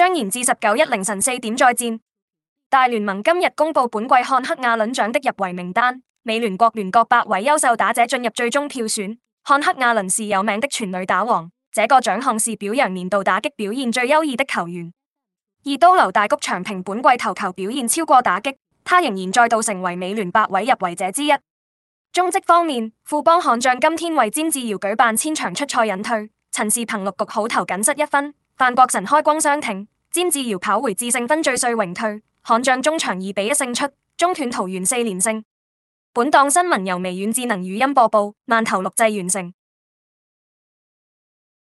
將延至十九日凌晨四點再戰。大聯盟今日公布本季漢克亞倫獎的入圍名單，美聯國聯各八位優秀打者進入最終票選。漢克亞倫是有名的全壘打王，這個獎項是表揚年度打擊表現最優異的球員。二刀流大谷長平本季投球表現超過打擊，他仍然再度成為美聯八位入圍者之一。中職方面，富邦悍將今天為詹智堯舉辦千場出賽引退，陳士鵬六局好投僅失一分，范國臣開光相挺。詹志堯跑回智勝分，最碎榮退。悍將中場二比一勝出，中斷桃園四連勝。本檔新聞由微軟智能語音播報，慢頭錄製完成。